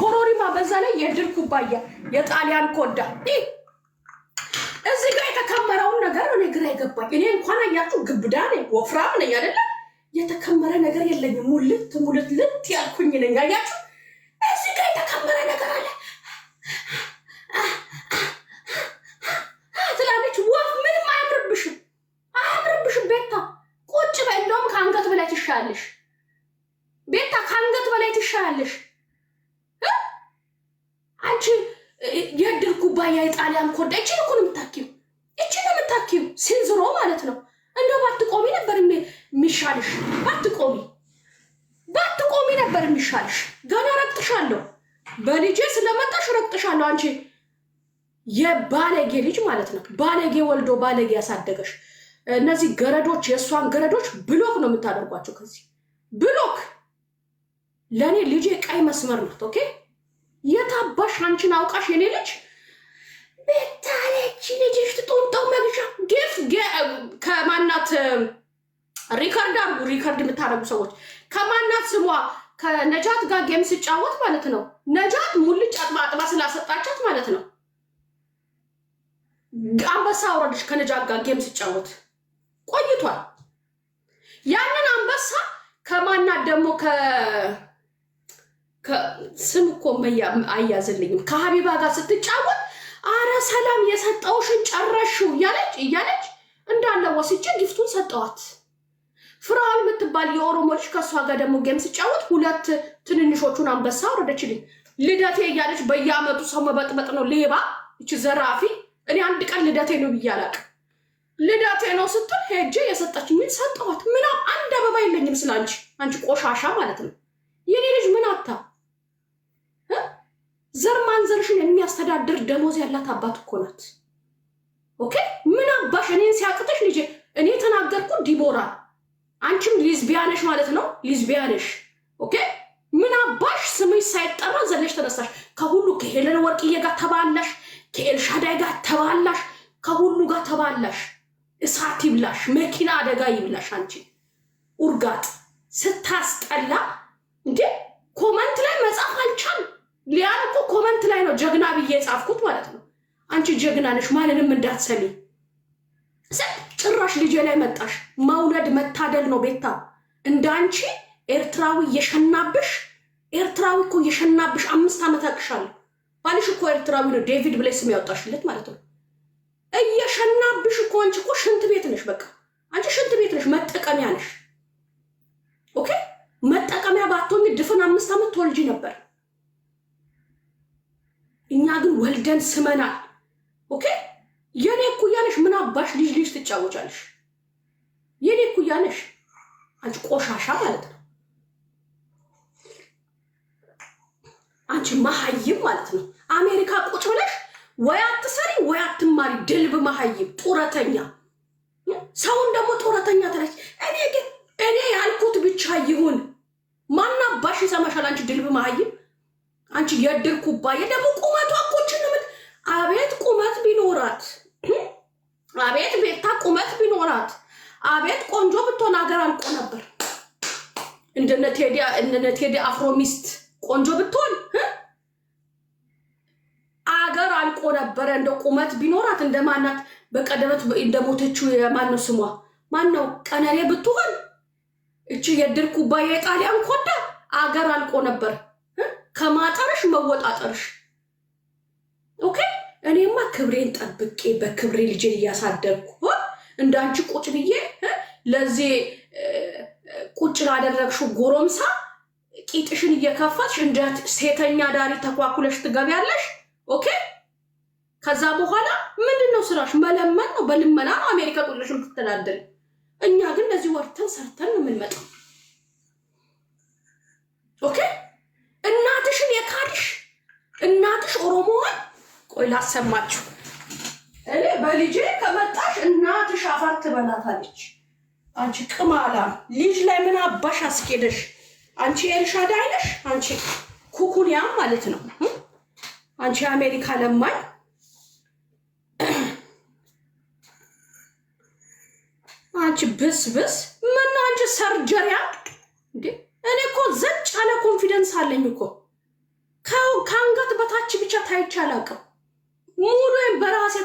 ኮሮሪማ፣ በዛ ላይ የድር ኩባያ የጣሊያን ኮዳ እዚህ ጋር የተከመረውን ነገር እኔ ግራ የገባኝ እኔ እንኳን አያችሁ ግብዳ ነኝ ወፍራም ነኝ አይደለ? የተከመረ ነገር የለኝም። ሙልት ሙልት ልት ያልኩኝ ነኝ። አያችሁ እዚህ ጋር የተከመረ ነገር አለ ትላለች ወፍ። ምንም አያምርብሽም፣ አያምርብሽም ቤታ ቁጭ በይ። እንደውም ከአንገት በላይ ትሻያለሽ ቤታ፣ ከአንገት በላይ ትሻያለሽ። አንቺ የእድል ኩባያ የጣሊያን ኮዳ ይችን እኮ ነው የምታኪው፣ ይችን ነው የምታኪው ሲንዝሮ ማለት ነው። እንደው ባትቆሚ ነበር የሚሻልሽ፣ ባትቆሚ ባትቆሚ ነበር የሚሻልሽ። ገና ረግጥሻለሁ፣ በልጄ ስለመጣሽ ረግጥሻለሁ። አንቺ የባለጌ ልጅ ማለት ነው። ባለጌ ወልዶ ባለጌ ያሳደገሽ እነዚህ ገረዶች፣ የእሷን ገረዶች ብሎክ ነው የምታደርጓቸው። ከዚህ ብሎክ ለእኔ ልጄ ቀይ መስመር ናት። ኦኬ የታባሽ አንቺን አውቃሽ የኔ ልጅ ቤታለች ልጅሽ ትጦንጠው መግሻ ጌፍ ከማናት ሪከርድ አርጉ ሪከርድ የምታደረጉ ሰዎች ከማናት ስሟ ከነጃት ጋር ጌም ስጫወት ማለት ነው። ነጃት ሙልጭ አጥባ አጥባ ስላሰጣቻት ማለት ነው። አንበሳ አውረድሽ ከነጃት ጋር ጌም ስጫወት ቆይቷል። ያንን አንበሳ ከማናት ደግሞ ስም እኮ አያዝልኝም። ከሀቢባ ጋር ስትጫወት አረ ሰላም የሰጠውሽን ጨረሽው እያለች እያለች እንዳለ ወስጄ ጊፍቱን ሰጠዋት። ፍርሃን የምትባል የኦሮሞ ልጅ ከእሷ ጋር ደግሞ ጌም ስጫወት ሁለት ትንንሾቹን አንበሳ ወረደችልኝ። ልደቴ እያለች በየአመቱ ሰው መበጥበጥ ነው ሌባ፣ እች ዘራፊ። እኔ አንድ ቀን ልደቴ ነው ብያላቅ። ልደቴ ነው ስትል ሄጄ የሰጠች ምን ሰጠዋት? ምናም አንድ አበባ የለኝም ስለ አንቺ አንቺ ቆሻሻ ማለት ነው የኔ ልጅ ምን አታ ዘር ማንዘርሽን የሚያስተዳድር ደሞዝ ያላት አባት እኮ ናት። ኦኬ ምን አባሽ እኔን ሲያቅትሽ ልጅ እኔ ተናገርኩ። ዲቦራ አንቺም ሊዝቢያነሽ ማለት ነው፣ ሊዝቢያነሽ። ኦኬ ምን አባሽ ስምሽ ሳይጠራ ዘለሽ ተነሳሽ። ከሁሉ ከሄለን ወርቅዬ ጋር ተባላሽ፣ ከኤልሻዳይ ጋር ተባላሽ፣ ከሁሉ ጋር ተባላሽ። እሳት ይብላሽ፣ መኪና አደጋ ይብላሽ። አንቺ ኡርጋጥ ስታስጠላ እንዴ! ኮመንት ላይ መጻፍ አልቻል ሊያን እኮ ኮመንት ላይ ነው ጀግና ብዬ የጻፍኩት ማለት ነው። አንቺ ጀግና ነሽ ማንንም እንዳትሰሚ ጭራሽ ልጄ ላይ መጣሽ። መውለድ መታደል ነው ቤታ። እንደ አንቺ ኤርትራዊ እየሸናብሽ ኤርትራዊ እኮ እየሸናብሽ አምስት ዓመት አቅሻለሁ። ባልሽ እኮ ኤርትራዊ ነው። ዴቪድ ብለሽ ስም ያወጣሽለት ማለት ነው። እየሸናብሽ እኮ አንቺ እኮ ሽንት ቤት ነሽ። በቃ አንቺ ሽንት ቤት ነሽ፣ መጠቀሚያ ነሽ። ኦኬ መጠቀሚያ ባትሆኚ ድፍን አምስት ዓመት ትወልጂ ነበር። እኛ ግን ወልደን ስመናል። ኦኬ የኔ እኩያነሽ ምን አባሽ ልጅ ልጅ ትጫወቻለሽ? የኔ እኩያነሽ አንቺ ቆሻሻ ማለት ነው። አንቺ መሀይም ማለት ነው። አሜሪካ ቁጭ ብለሽ ወይ አትሰሪ ወይ አትማሪ፣ ድልብ መሀይም ጡረተኛ። ሰውን ደግሞ ጡረተኛ ትለች። እኔ ግን እኔ ያልኩት ብቻ ይሁን። ማናባሽ ይሰማሻል? አንቺ ድልብ መሀይም አንቺ የድር ኩባያ ደግሞ ቁመቷ እኮ ምት አቤት ቁመት ቢኖራት አቤት ቤታ ቁመት ቢኖራት አቤት ቆንጆ ብትሆን ሀገር አልቆ ነበር። እንደነ ቴዲ አፍሮ ሚስት ቆንጆ ብትሆን አገር አልቆ ነበረ። እንደ ቁመት ቢኖራት እንደማናት ማናት በቀደበት የማን ነው ስሟ ነው ቀነኔ ብትሆን እቺ የድር ኩባያ የጣሊያን ኮዳ አገር አልቆ ነበር። ከማጠርሽ መወጣጠርሽ። ኦኬ እኔማ ክብሬን ጠብቄ በክብሬ ልጄ እያሳደግኩ እንዳንቺ ቁጭ ብዬ ለዚህ ቁጭ ላደረግሽው ጎረምሳ ቂጥሽን እየከፈትሽ እንደ ሴተኛ ዳሪ ተኳኩለሽ ትገቢያለሽ። ኦኬ ከዛ በኋላ ምንድን ነው ስራሽ? መለመን ነው። በልመና ነው አሜሪካ ቁጭሽ ምትተዳደር። እኛ ግን ለዚህ ወርተን ሰርተን ነው የምንመጣው። ኦኬ እናትሽን የካድሽ እናትሽ ኦሮሞዋን ቆይ ላሰማችሁ። እኔ በልጄ ከመጣሽ እናትሽ አፈር ትበላታለች። አንቺ ቅማላ ልጅ ላይ ምን አባሽ አስኬደሽ? አንቺ ኤልሻዳይ ነሽ። አንቺ ኩኩንያም ማለት ነው። አንቺ አሜሪካ ለማኝ አንቺ ብስ ምን አንቺ ሰርጀሪያ እንዴ! እኔ እኮ ዘን የቻለ ኮንፊደንስ አለኝ እኮ ከአንገት በታች ብቻ ታይቼ አላውቅም። ሙሉ በራሴ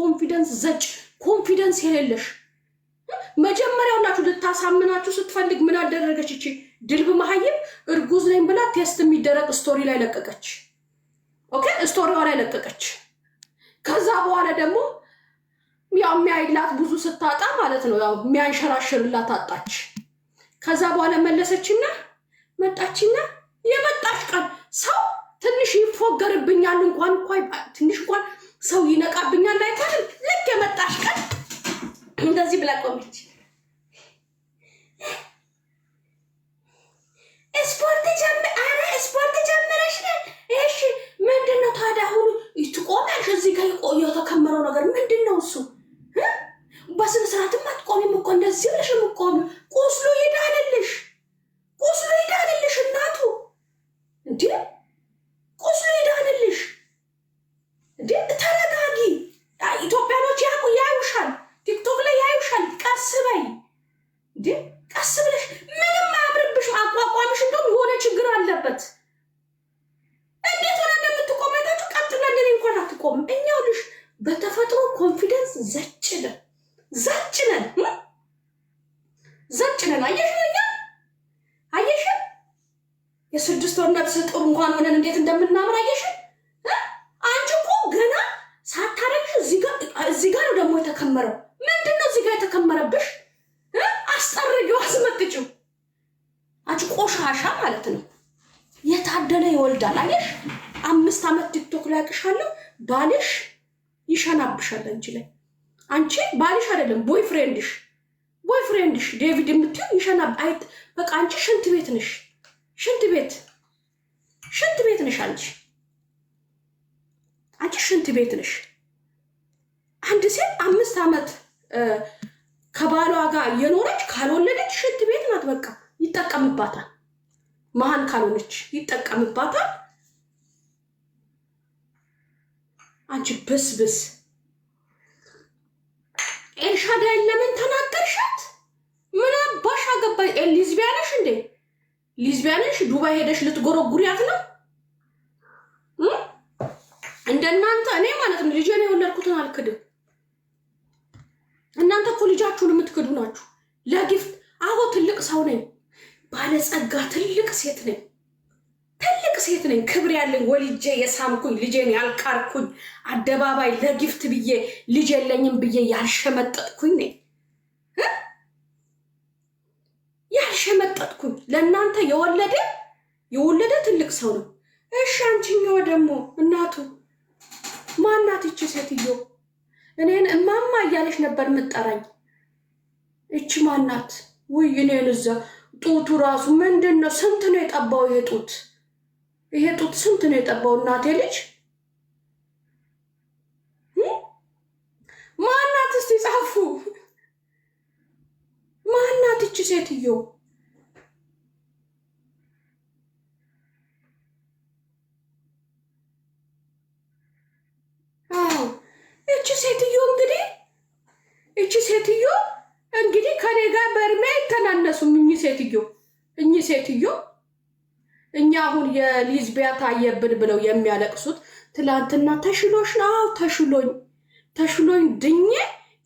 ኮንፊደንስ ዘጭ ኮንፊደንስ የሌለሽ መጀመሪያ ሁላችሁ ልታሳምናችሁ ስትፈልግ ምን አደረገች ይቺ ድልብ መሀይም? እርጉዝ ነኝ ብላ ቴስት የሚደረግ ስቶሪ ላይ ለቀቀች። ኦኬ ስቶሪዋ ላይ ለቀቀች። ከዛ በኋላ ደግሞ ያው የሚያይላት ብዙ ስታጣ ማለት ነው ያው የሚያንሸራሽርላት አጣች። ከዛ በኋላ መለሰችና መጣችና የመጣች ቀን ሰው ትንሽ ይፎገርብኛል እንኳን እንኳ ትንሽ እንኳን ሰው ይነቃብኛል አይታል ልክ የመጣች ቀን እንደዚህ ብላ ቆመች። እንዴ ቀስ ብለሽ ምንም አያምርብሽ። አቋቋምሽ እንደውም የሆነ ችግር አለበት። እንዴት ሆነ እንደምትቆም አይታችሁ ቀጥና እንደኔ እንኳን አትቆምም። እኛ ልሽ በተፈጥሮ ኮንፊደንስ ዘጭነን ዘጭነን ዘጭነን አየሽ ነኛ አየሽ የስድስት ወር ነብስ ጥሩ እንኳን ሆነን እንዴት እንደምናምር አየሽ። አንቺ እኮ ገና ሳታረግሽ እዚህ ጋር ነው ደግሞ የተከመረው። ምንድን ነው እዚህ ጋር የተከመረብሽ? አስጠርጊው፣ አስመጥጪው። አንቺ ቆሻሻ ማለት ነው። የታደለ ይወልዳል። አየሽ፣ አምስት ዓመት ቲክቶክ ላይ አቅሻለሁ። ባልሽ ይሸናብሻል አንቺ ላይ። አንቺ ባልሽ አይደለም ቦይፍሬንድሽ፣ ቦይፍሬንድሽ ዴቪድ የምትይው ይሸና አይት። በቃ አንቺ ሽንት ቤት ነሽ፣ ሽንት ቤት፣ ሽንት ቤት ነሽ አንቺ አንቺ ሽንት ቤት ነሽ። አንድ ሴት አምስት ዓመት ከባሏ ጋር የኖረች ካልወለደች ሽንት ቤት ናት። በቃ ይጠቀምባታል። መሀን ካልሆነች ይጠቀምባታል። አንቺ ብስብስ ኤልሻዳይ ለምን ተናገርሻት? ምን አባሽ አገባሽ? ሊዝቢያነሽ እንዴ ሊዝቢያነሽ? ዱባይ ሄደሽ ልትጎረጉሪያት ነው? እንደናንተ እኔ ማለት ነው ልጄን የወለድኩትን አልክድም። እናንተ እኮ ልጃችሁን የምትክዱ ናችሁ ለጊፍት። አዎ ትልቅ ሰው ነኝ፣ ባለጸጋ ትልቅ ሴት ነኝ፣ ትልቅ ሴት ነኝ፣ ክብር ያለኝ፣ ወልጄ የሳምኩኝ፣ ልጄን ያልቃርኩኝ አደባባይ ለጊፍት ብዬ ልጅ የለኝም ብዬ ያልሸመጠጥኩኝ ነኝ ያልሸመጠጥኩኝ። ለእናንተ የወለደ የወለደ ትልቅ ሰው ነው። እሺ አንቺኛዋ ደግሞ እናቱ ማናት? ይቺ ሴትዮ እኔን እማማ እያለች ነበር የምጠራኝ። እች ማናት? ውይ እኔን እዛ ጡቱ ራሱ ምንድን ነው? ስንት ነው የጠባው ይሄ ጡት? ይሄ ጡት ስንት ነው የጠባው? እናቴ ልጅ ማናት? እስቲ ጻፉ። ማናት እች ሴትዮው? ሴትዮ እኚህ ሴትዮ እኛ አሁን የሊዝቢያ ታየብን ብለው የሚያለቅሱት ትላንትና ተሽሎሽ ነው። ተሽሎኝ ተሽሎኝ ድኜ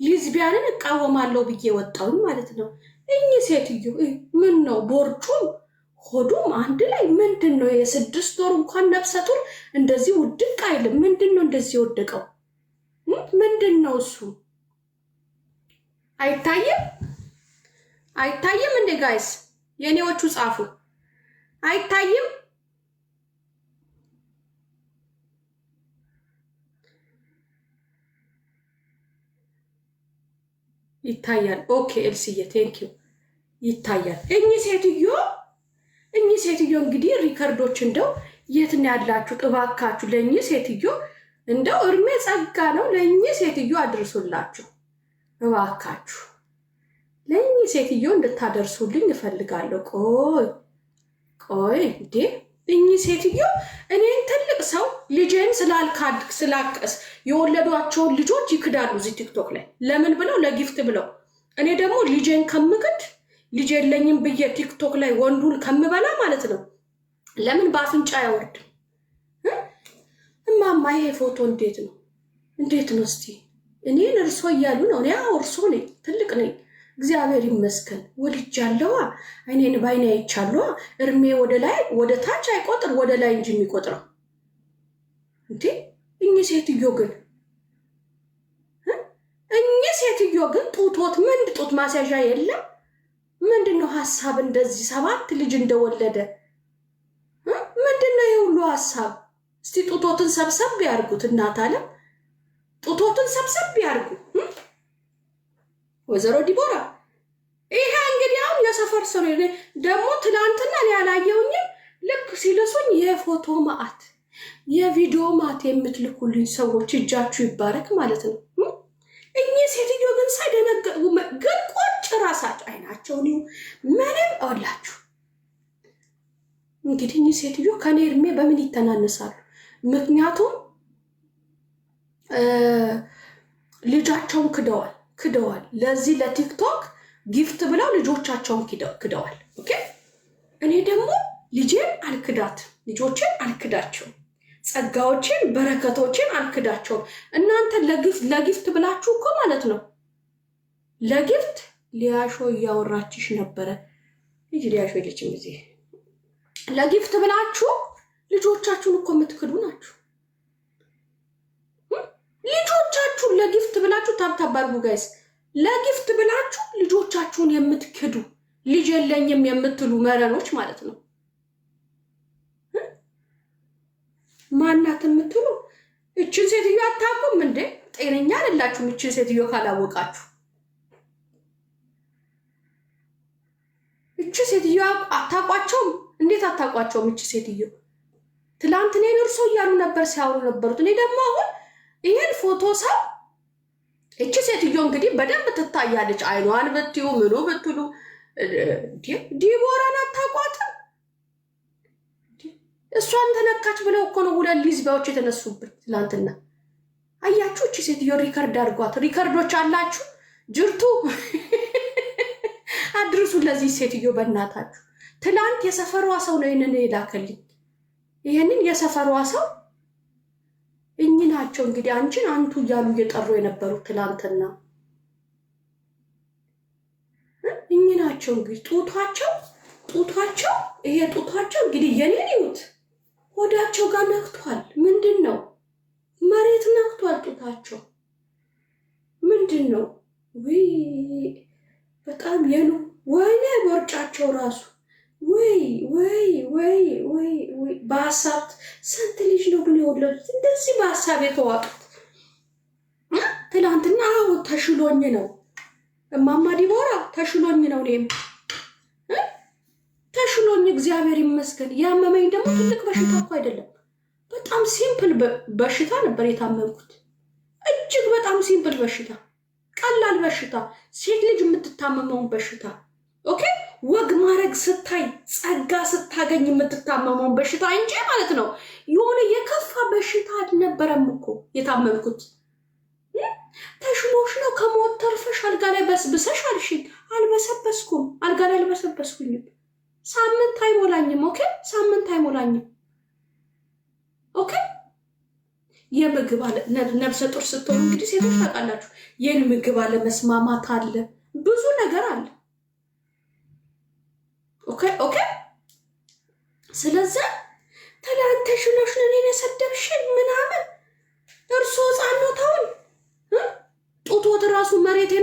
ሊዝቢያንን እቃወማለሁ ብዬ ወጣውኝ ማለት ነው። እኚህ ሴትዮ ምን ነው ቦርጩም ሆዱም አንድ ላይ ምንድን ነው? የስድስት ወር እንኳን ነብሰቱን እንደዚህ ውድቅ አይልም። ምንድን ነው እንደዚህ የወደቀው ምንድን ነው? እሱ አይታይም። አይታይም እንዴ ጋይስ? የእኔዎቹ ጻፉ። አይታይም ይታያል። ኦኬ ኤልስዬ ቴንክ ዩ ይታያል። እኚህ ሴትዮ እኚህ ሴትዮ እንግዲህ ሪከርዶች እንደው የት ነው ያላችሁ? እባካችሁ ለእኚህ ሴትዮ እንደው እድሜ ጸጋ ነው ለእኚህ ሴትዮ አድርሶላችሁ እባካችሁ። ለእኚህ ሴትዮ እንድታደርሱልኝ እፈልጋለሁ። ቆይ ቆይ እንዴ እኚህ ሴትዮ እኔን ትልቅ ሰው ልጄን ስላቀስ የወለዷቸውን ልጆች ይክዳሉ እዚህ ቲክቶክ ላይ ለምን ብለው ለጊፍት ብለው እኔ ደግሞ ልጄን ከምክድ ልጅ የለኝም ብዬ ቲክቶክ ላይ ወንዱን ከምበላ ማለት ነው። ለምን በአፍንጫ ያወርድ እማማ ይሄ ፎቶ እንዴት ነው? እንዴት ነው? እስቲ እኔን እርሶ እያሉ ነው። እኔ እርሶ ነኝ፣ ትልቅ ነኝ። እግዚአብሔር ይመስገን ወልጃለዋ። አይኔን ባይኔ አይቻለዋ። እርሜ ወደ ላይ ወደ ታች አይቆጥር ወደ ላይ እንጂ የሚቆጥረው እንዴ! እኚህ ሴትዮ ግን እኚህ ሴትዮ ግን ጡቶት ምንድ ጡት ማስያዣ የለም። ምንድን ነው ሀሳብ እንደዚህ ሰባት ልጅ እንደወለደ ምንድን ነው የሁሉ ሀሳብ? እስቲ ጡቶትን ሰብሰብ ያርጉት እናት አለም ጡቶትን ሰብሰብ ያርጉት። ወይዘሮ ዲቦራ ይሄ እንግዲህ አሁን የሰፈር ሰው ደግሞ ትናንትና ያላየውኝም ልክ ሲለሱኝ የፎቶ ማአት የቪዲዮ ማት የምትልኩልኝ ሰዎች እጃችሁ ይባረክ ማለት ነው። እኚህ ሴትዮ ግን ሳይደነገጡ ግን ቆጭ ራሳቸው አይናቸውን ምንም አላችሁ። እንግዲህ እኚህ ሴትዮ ከኔ እድሜ በምን ይተናነሳሉ? ምክንያቱም ልጃቸውን ክደዋል። ክደዋል። ለዚህ ለቲክቶክ ጊፍት ብለው ልጆቻቸውን ክደዋል። ኦኬ እኔ ደግሞ ልጄን አልክዳት፣ ልጆችን አልክዳቸው፣ ጸጋዎችን በረከቶችን አልክዳቸውም። እናንተ ለጊፍት ብላችሁ እኮ ማለት ነው ለጊፍት ሊያሾ እያወራችሽ ነበረ ልጅ ሊያሾ የለችም ጊዜ ለጊፍት ብላችሁ ልጆቻችሁን እኮ የምትክዱ ናችሁ። ልጆቻችሁን ለጊፍት ብላችሁ ታብታባርጉ ጋይስ። ለጊፍት ብላችሁ ልጆቻችሁን የምትክዱ ልጅ የለኝም የምትሉ መረኖች ማለት ነው። ማናት የምትሉ እችን ሴትዮ አታውቁም እንዴ? ጤነኛ አይደላችሁም። እችን ሴትዮ ካላወቃችሁ እች ሴትዮ አታውቋቸውም። እንዴት አታውቋቸውም? እች ሴትዮ ትላንት እኔን እርሶ እያሉ ነበር ሲያወሩ ነበሩት። እኔ ደግሞ አሁን ይህን ፎቶ ሰው እቺ ሴትዮ እንግዲህ በደንብ ትታያለች። አይኗን ብትዩ ምኑ ብትሉ ዲቦራን አታቋትም። እሷን ተነካች ብለው እኮ ነው ሁለት ሊዝቢያዎች የተነሱበት ትላንትና። አያችሁ፣ እቺ ሴትዮ ሪከርድ አድርጓት። ሪከርዶች አላችሁ ጅርቱ አድርሱ ለዚህ ሴትዮ በእናታችሁ። ትላንት የሰፈሯ ሰው ነው ይህንን የላከልኝ። ይህንን የሰፈሯ ሰው እኚህ ናቸው እንግዲህ አንቺን አንቱ እያሉ እየጠሩ የነበሩ ትላንትና። እኚህ ናቸው እንግዲህ ጡቷቸው ጡቷቸው ይሄ ጡቷቸው እንግዲህ የኔን ይዩት፣ ሆዳቸው ጋር ነክቷል። ምንድን ነው መሬት ነክቷል። ጡታቸው ምንድን ነው? ውይ በጣም የኑ ወይኔ ቦርጫቸው ራሱ ወይ ወይ ወይ ወይ ወይ በሀሳብ ስንት ልጅ ነው ግን የወለዱት እንደዚህ በሀሳብ የተዋጡት? ትላንትና አዎ ተሽሎኝ ነው እማማ ዲቦራ ተሽሎኝ ነው እኔም ተሽሎኝ እግዚአብሔር ይመስገን። ያመመኝ ደግሞ ትልቅ በሽታ እኮ አይደለም፣ በጣም ሲምፕል በሽታ ነበር የታመምኩት። እጅግ በጣም ሲምፕል በሽታ፣ ቀላል በሽታ፣ ሴት ልጅ የምትታመመውን በሽታ ኦኬ ወግ ማድረግ ስታይ ጸጋ ስታገኝ የምትታመመውን በሽታ እንጂ ማለት ነው። የሆነ የከፋ በሽታ አልነበረም እኮ የታመምኩት። ተሽሎሽ ነው ከሞት ተርፈሽ አልጋ ላይ በስብሰሽ አልሽኝ። አልበሰበስኩም፣ አልጋ ላይ አልበሰበስኩኝም። ሳምንት አይሞላኝም። ኦኬ፣ ሳምንት አይሞላኝም። ኦኬ። የምግብ ነብሰ ጡር ስትሆኑ እንግዲህ ሴቶች ታውቃላችሁ፣ ይህን ምግብ አለመስማማት አለ፣ ብዙ ነገር አለ። ኦኬ ኦኬ። ስለዚህ ትላንት ሽሎሽ ነው እኔን የሰደብሽን ምናምን እርሶ ህፃን ኖታውን ጡቶት ራሱ መሬት